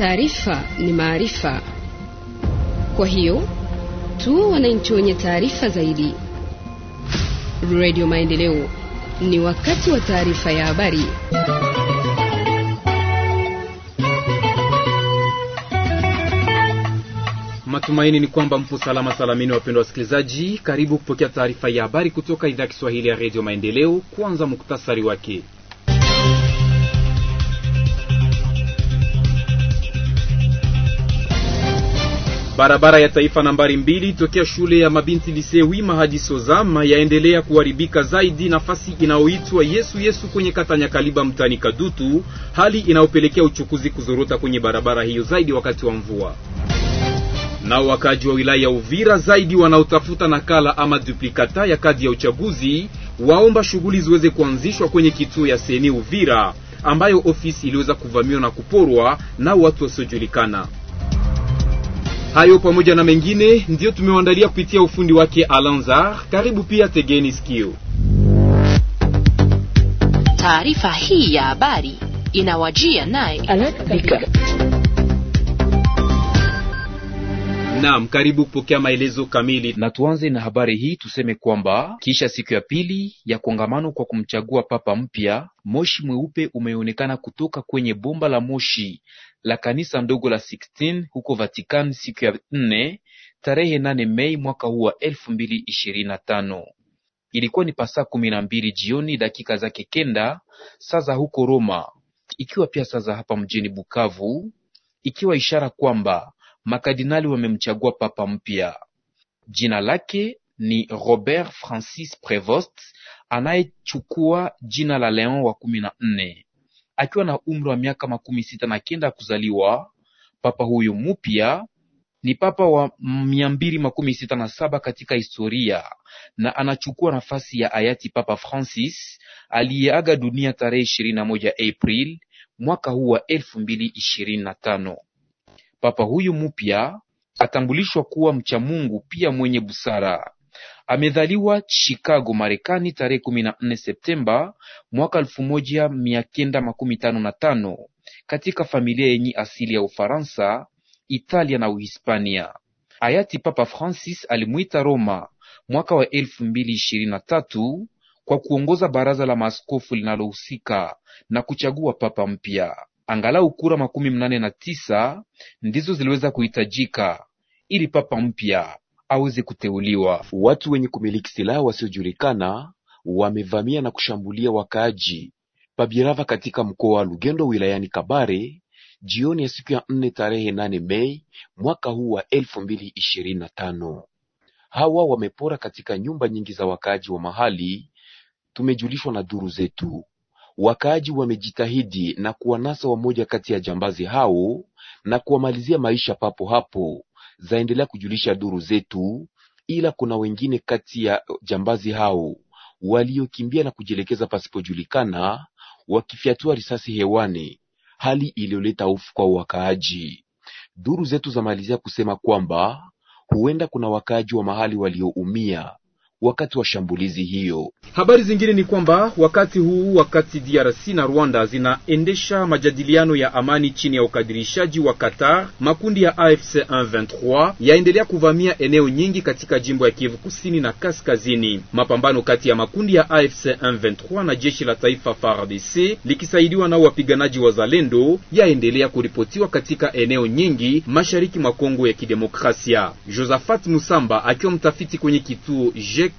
Taarifa ni maarifa, kwa hiyo tu wananchi wenye taarifa zaidi. Radio Maendeleo, ni wakati wa taarifa ya habari. Matumaini ni kwamba mpo salama salamini, wapendwa wasikilizaji. Karibu kupokea taarifa ya habari kutoka idhaa ya Kiswahili ya redio Maendeleo. Kwanza muktasari wake. Barabara ya taifa nambari mbili tokea shule ya mabinti Lisee Wima hadi Sozama yaendelea kuharibika zaidi, nafasi inayoitwa Yesu Yesu kwenye kata Nyakaliba mtani Kadutu, hali inayopelekea uchukuzi kuzorota kwenye barabara hiyo zaidi wakati wa mvua. Nao wakaji wa wilaya ya Uvira zaidi wanaotafuta nakala ama duplikata ya kadi ya uchaguzi waomba shughuli ziweze kuanzishwa kwenye kituo ya seni Uvira ambayo ofisi iliweza kuvamiwa na kuporwa na watu wasiojulikana. Hayo pamoja na mengine ndiyo tumewaandalia kupitia ufundi wake Alanzar. Karibu pia, tegeni sikio. Taarifa hii ya habari inawajia naye Naam, karibu kupokea maelezo kamili. Na tuanze na habari hii, tuseme kwamba kisha siku ya pili ya kongamano kwa kumchagua papa mpya, moshi mweupe umeonekana kutoka kwenye bomba la moshi la kanisa ndogo la 16 huko Vatican siku ya 4 tarehe nane Mei mwaka huu wa elfu Ilikuwa ni pasaa kumi na mbili jioni dakika zake kenda saa za huko Roma, ikiwa pia saa za hapa mjini Bukavu, ikiwa ishara kwamba makardinali wamemchagua papa mpya. Jina lake ni Robert Francis Prevost anayechukua jina la Leon wa kumi na nne akiwa na umri wa miaka makumi sita na kenda kuzaliwa. Papa huyu mpya ni papa wa mia mbili makumi sita na saba katika historia na anachukua nafasi ya hayati Papa Francis aliyeaga dunia tarehe ishirini na moja april mwaka huu wa elfu mbili ishirini na tano. Papa huyu mpya atambulishwa kuwa mcha Mungu pia mwenye busara amezaliwa Chicago, Marekani tarehe kumi na nne Septemba mwaka elfu moja mia kenda makumi tano na tano katika familia yenye asili ya Ufaransa, Italia na Uhispania. Hayati Papa Francis alimwita Roma mwaka wa elfu mbili ishirini na tatu kwa kuongoza baraza la maaskofu linalohusika na kuchagua papa mpya. Angalau kura makumi mnane na tisa ndizo ziliweza kuhitajika ili papa mpya aweze kuteuliwa. Watu wenye kumiliki silaha wasiojulikana wamevamia na kushambulia wakaaji Pabirava katika mkoa wa Lugendo wilayani Kabare jioni ya siku ya nne tarehe nane Mei mwaka huu wa elfu mbili ishirini na tano. Hawa wamepora katika nyumba nyingi za wakaaji wa mahali, tumejulishwa na duru zetu. Wakaaji wamejitahidi na kuwanasa wamoja kati ya jambazi hao na kuwamalizia maisha papo hapo, zaendelea kujulisha duru zetu, ila kuna wengine kati ya jambazi hao waliokimbia na kujielekeza pasipojulikana, wakifyatua risasi hewani, hali iliyoleta hofu kwa wakaaji. Duru zetu zamalizia kusema kwamba huenda kuna wakaaji wa mahali walioumia wakati wa shambulizi hiyo. Habari zingine ni kwamba wakati huu, wakati DRC na Rwanda zinaendesha majadiliano ya amani chini ya ukadirishaji wa Qatar, makundi ya AFC 123 yaendelea kuvamia eneo nyingi katika jimbo ya Kivu Kusini na Kaskazini. Mapambano kati ya makundi ya AFC 123 23 na jeshi la taifa FARDC likisaidiwa na wapiganaji wa Zalendo yaendelea kuripotiwa katika eneo nyingi mashariki mwa Kongo ya Kidemokrasia. Josephat Musamba akiwa mtafiti kwenye kituo je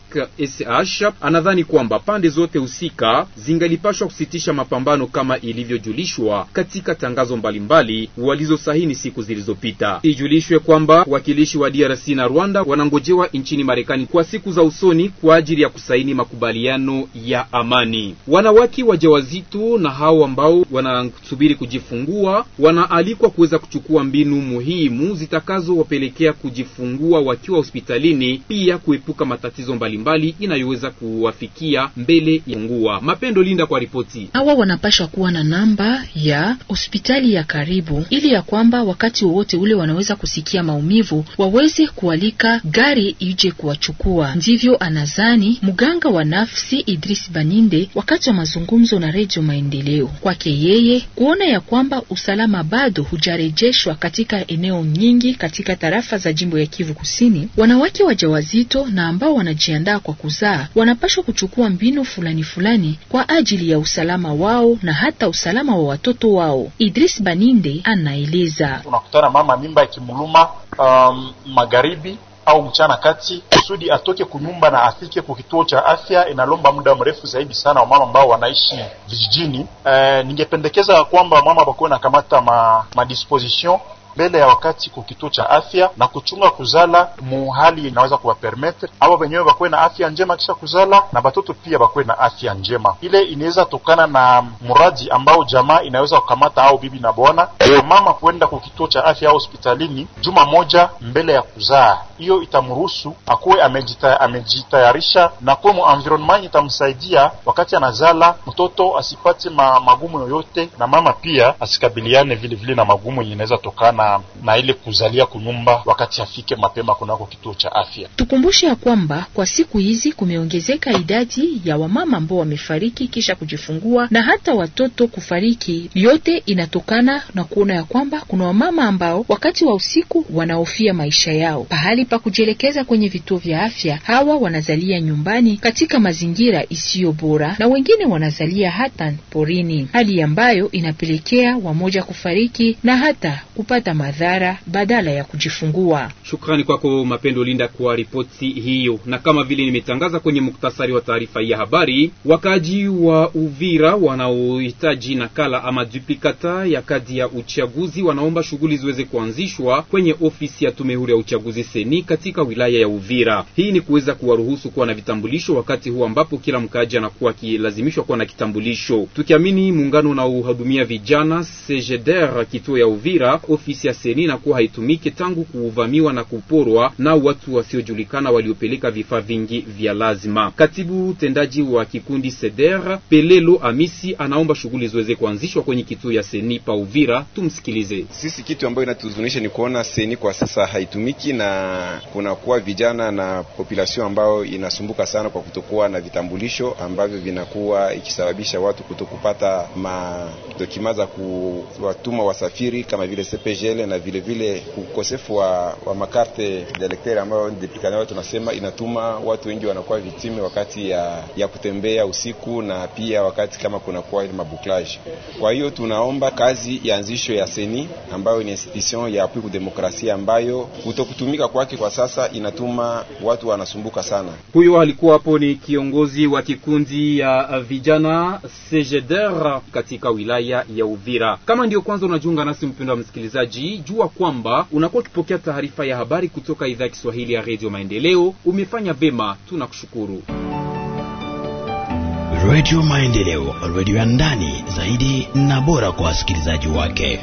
SH anadhani kwamba pande zote husika zingalipashwa kusitisha mapambano kama ilivyojulishwa katika tangazo mbalimbali walizosahini siku zilizopita. Ijulishwe kwamba wakilishi wa DRC na Rwanda wanangojewa nchini Marekani kwa siku za usoni kwa ajili ya kusaini makubaliano ya amani. Wanawake wajawazito na hao ambao wanasubiri kujifungua wanaalikwa kuweza kuchukua mbinu muhimu zitakazowapelekea kujifungua wakiwa hospitalini, pia kuepuka matatizo mbalimbali inayoweza kuwafikia mbele ya ungua. Mapendo Linda kwa ripoti. Hawa wanapashwa kuwa na namba ya hospitali ya karibu, ili ya kwamba wakati wowote ule wanaweza kusikia maumivu waweze kualika gari ije kuwachukua. Ndivyo anazani mganga wa nafsi Idris Baninde wakati wa mazungumzo na Redio Maendeleo. Kwake yeye kuona ya kwamba usalama bado hujarejeshwa katika eneo nyingi katika tarafa za jimbo ya Kivu Kusini, wanawake wajawazito na ambao wanaji wanaojiandaa kwa kuzaa wanapaswa kuchukua mbinu fulani fulani kwa ajili ya usalama wao na hata usalama wa watoto wao. Idris Baninde anaeleza. Unakutana mama mimba ikimuluma um, magharibi au mchana kati kusudi atoke kunyumba na afike kwa kituo cha afya inalomba muda mrefu zaidi sana wa mama ambao wanaishi vijijini. E, ningependekeza kwamba mama bakuwe na kamata ma, ma disposition mbele ya wakati ku kituo cha afya na kuchunga kuzala mu hali inaweza kuwapermetre aba wenyewe wakuwe na afya njema kisha kuzala na batoto pia bakuwe na afya njema. Ile inaweza tokana na mradi ambao jamaa inaweza kukamata au bibi na bwana na mama kwenda ku kituo cha afya au hospitalini juma moja mbele ya kuzaa. Hiyo itamruhusu akuwe amejitayarisha na kuwe mu environment itamsaidia wakati anazala mtoto asipate ma, magumu yoyote, na mama pia asikabiliane vilevile vile na magumu yenye inaweza tokana na, na ile kuzalia kunyumba wakati afike mapema kunako kituo cha afya. Tukumbushe ya kwamba kwa siku hizi kumeongezeka idadi ya wamama ambao wamefariki kisha kujifungua na hata watoto kufariki. Yote inatokana na kuona ya kwamba kuna wamama ambao wakati wa usiku wanahofia maisha yao, pahali pa kujielekeza kwenye vituo vya afya. Hawa wanazalia nyumbani katika mazingira isiyo bora, na wengine wanazalia hata porini, hali ambayo inapelekea wamoja kufariki na hata kupata kupata madhara badala ya kujifungua. Shukrani kwako Mapendo Linda kwa ripoti hiyo, na kama vile nimetangaza kwenye muktasari wa taarifa ya habari, wakaaji wa Uvira wanaohitaji nakala ama duplikata ya kadi ya uchaguzi wanaomba shughuli ziweze kuanzishwa kwenye ofisi ya tume huru ya uchaguzi seni katika wilaya ya Uvira. Hii ni kuweza kuwaruhusu kuwa na vitambulisho wakati huu ambapo kila mkaaji anakuwa akilazimishwa kuwa na kitambulisho, tukiamini muungano unaohudumia vijana CGDR kituo ya Uvira ofisi ofisi ya seni kuwa haitumiki tangu kuuvamiwa na kuporwa nao watu wasiojulikana waliopeleka vifaa vingi vya lazima. Katibu mtendaji wa kikundi Seder Pelelo Amisi anaomba shughuli ziweze kuanzishwa kwenye kituo ya seni pa Uvira. Tumsikilize. Sisi kitu ambayo inatuzunisha ni kuona seni kwa sasa haitumiki na kunakuwa vijana na population ambayo inasumbuka sana kwa kutokuwa na vitambulisho ambavyo vinakuwa ikisababisha watu kutokupata madokima za kuwatuma wasafiri kama vile CPG kelele na vile vile ukosefu wa, wa makarte delektere ambayo wao tunasema inatuma watu wengi wanakuwa vitime wakati ya, ya kutembea usiku na pia wakati kama kunakuwa mabuklaji. Kwa hiyo tunaomba kazi ya anzisho ya seni ambayo ni institution ya pu demokrasia ambayo kutokutumika kwake kwa sasa inatuma watu wanasumbuka sana. Huyo alikuwa hapo ni kiongozi wa kikundi ya uh, vijana CGDR katika wilaya ya Uvira. Kama ndio kwanza unajiunga nasi mpendwa msikilizaji kazi, jua kwamba unakuwa ukipokea taarifa ya habari kutoka idhaa ya Kiswahili ya Redio Maendeleo. Umefanya vema, tunakushukuru. Redio Maendeleo, redio ya ndani zaidi na bora kwa wasikilizaji wake.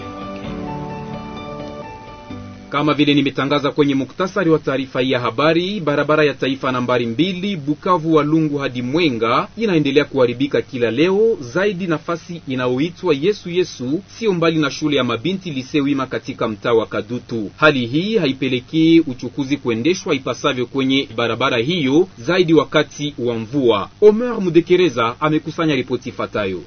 Kama vile nimetangaza kwenye muktasari wa taarifa hii ya habari, barabara ya taifa nambari mbili Bukavu wa lungu hadi Mwenga inaendelea kuharibika kila leo zaidi. Nafasi inayoitwa Yesu Yesu sio mbali na shule ya mabinti lisewima katika mtaa wa Kadutu. Hali hii haipelekei uchukuzi kuendeshwa ipasavyo kwenye barabara hiyo, zaidi wakati wa mvua. Omer Mudekereza amekusanya ripoti ifuatayo.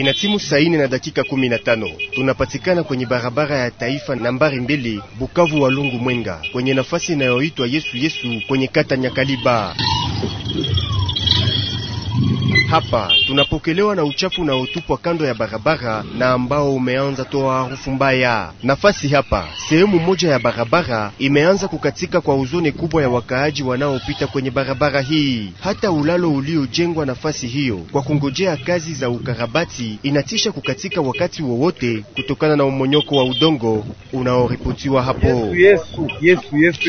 Inatimu saini na dakika kumi na tano tunapatikana kwenye barabara ya taifa nambari mbili Bukavu wa Lungu Mwenga, kwenye nafasi inayoitwa Yesu Yesu kwenye kata Nyakaliba. Hapa tunapokelewa na uchafu unaotupwa kando ya barabara na ambao umeanza toa harufu mbaya. Nafasi hapa, sehemu moja ya barabara imeanza kukatika kwa uzone kubwa ya wakaaji wanaopita kwenye barabara hii. Hata ulalo uliojengwa nafasi hiyo kwa kungojea kazi za ukarabati inatisha kukatika wakati wowote kutokana na umonyoko wa udongo unaoripotiwa hapo. Yesu, Yesu, Yesu,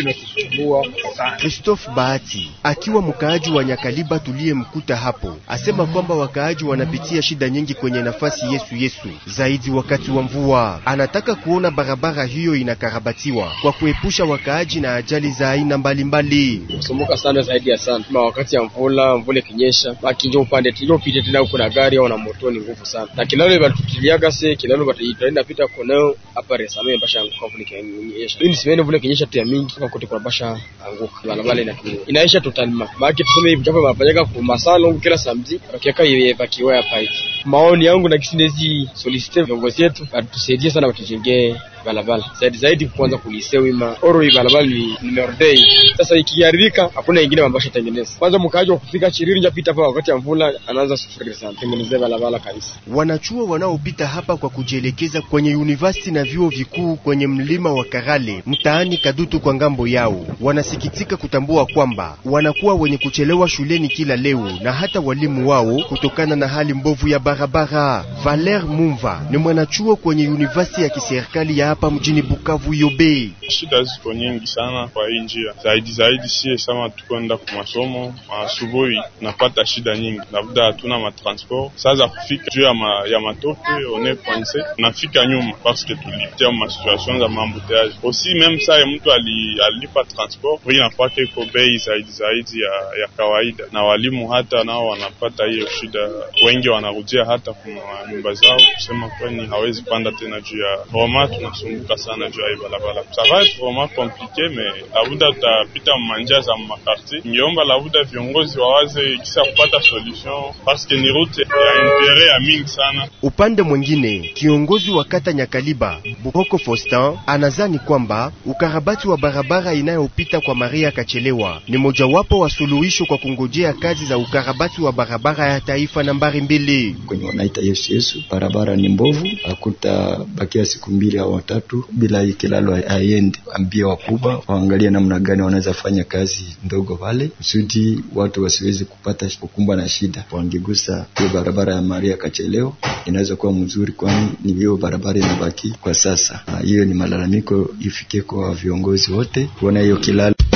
Christophe Bahati akiwa mkaaji wa Nyakaliba tuliyemkuta hapo. Ase anasema kwamba wakaaji wanapitia shida nyingi kwenye nafasi Yesu Yesu zaidi wakati wa mvua. Anataka kuona barabara hiyo inakarabatiwa kwa kuepusha wakaaji na ajali za aina mbalimbali. Msumbuka sana zaidi ya sana na wakati ya mvula, mvule kinyesha baki nje upande tilo pite tena na gari au na moto ni nguvu sana. Na kinalo batutiliaga se kinalo bataenda pita kunao hapa resame basha anguka mvula kinyesha Mimi simene vule kinyesha tia mingi kwa kote kwa basha anguka. Bala bala inaisha totalima. Baki tuseme hivi japo mapanyaka kwa masalo kila samdi bakeka ye bakiwe hapa iti maoni yangu na kisinezi solicite viongozi yetu batusaidie sana, watujengee balabala zaidi zaidi, kuanza kulise wima oro hii balabala ni nimeordei sasa, ikiharibika hakuna ingine ambayo shatengeneza. Kwanza mkaaji wa kufika Chiriri njapita hapa wakati ya mvula anaanza sufuri sana, tengeneze balabala kabisa. Wanachuo wanaopita hapa kwa kujielekeza kwenye university na vyuo vikuu kwenye mlima wa Karale mtaani Kadutu kwa ngambo yao, wanasikitika kutambua kwamba wanakuwa wenye kuchelewa shuleni kila leo na hata walimu wao kutokana na hali mbovu ya ba barabara. Valer Mumva ni mwanachuo kwenye university ya kiserikali ya hapa mjini Bukavu Yobe. Shida ziko nyingi sana kwa hii njia, zaidi zaidi sie sama tukwenda kwa masomo asubuhi, napata shida nyingi, labda hatuna matransport sasa kufika juu ya, ma, ya matope one panse nafika nyuma paske tulipitia masituation za maambuteage osi meme saye mtu alipa transport ii napata iko bei zaidi zaidi ya, ya kawaida, na walimu hata nao wanapata hiyo shida, wengi wanarudia wanakimbia hata kwa nyumba zao, kusema kwani hawezi panda tena juu ya Roma. Tunasumbuka sana juu ya barabara, ça va être vraiment compliqué mais labuda tutapita manja za makarti. Ngeomba labuda viongozi wawaze kisa kupata solution parce ni route ya intérêt ya mingi sana. Upande mwingine, kiongozi wa kata Nyakaliba Bukoko Fostan anazani kwamba ukarabati wa barabara inayopita kwa Maria Kachelewa ni mojawapo wa suluhisho kwa kungojea kazi za ukarabati wa barabara ya taifa nambari mbili kwenye wanaita Yesu Yesu. Barabara ni mbovu, akuta bakia siku mbili au tatu bila hii kilalo aende. Ambia wakubwa waangalie namna gani wanaweza fanya kazi ndogo pale kusudi watu wasiwezi kupata kukumbwa na shida. Wangegusa hiyo barabara ya Maria Kacheleo inaweza kuwa mzuri, kwani ni hiyo barabara inabaki kwa sasa. Hiyo ni malalamiko ifikie kwa viongozi wote kuona hiyo kilalo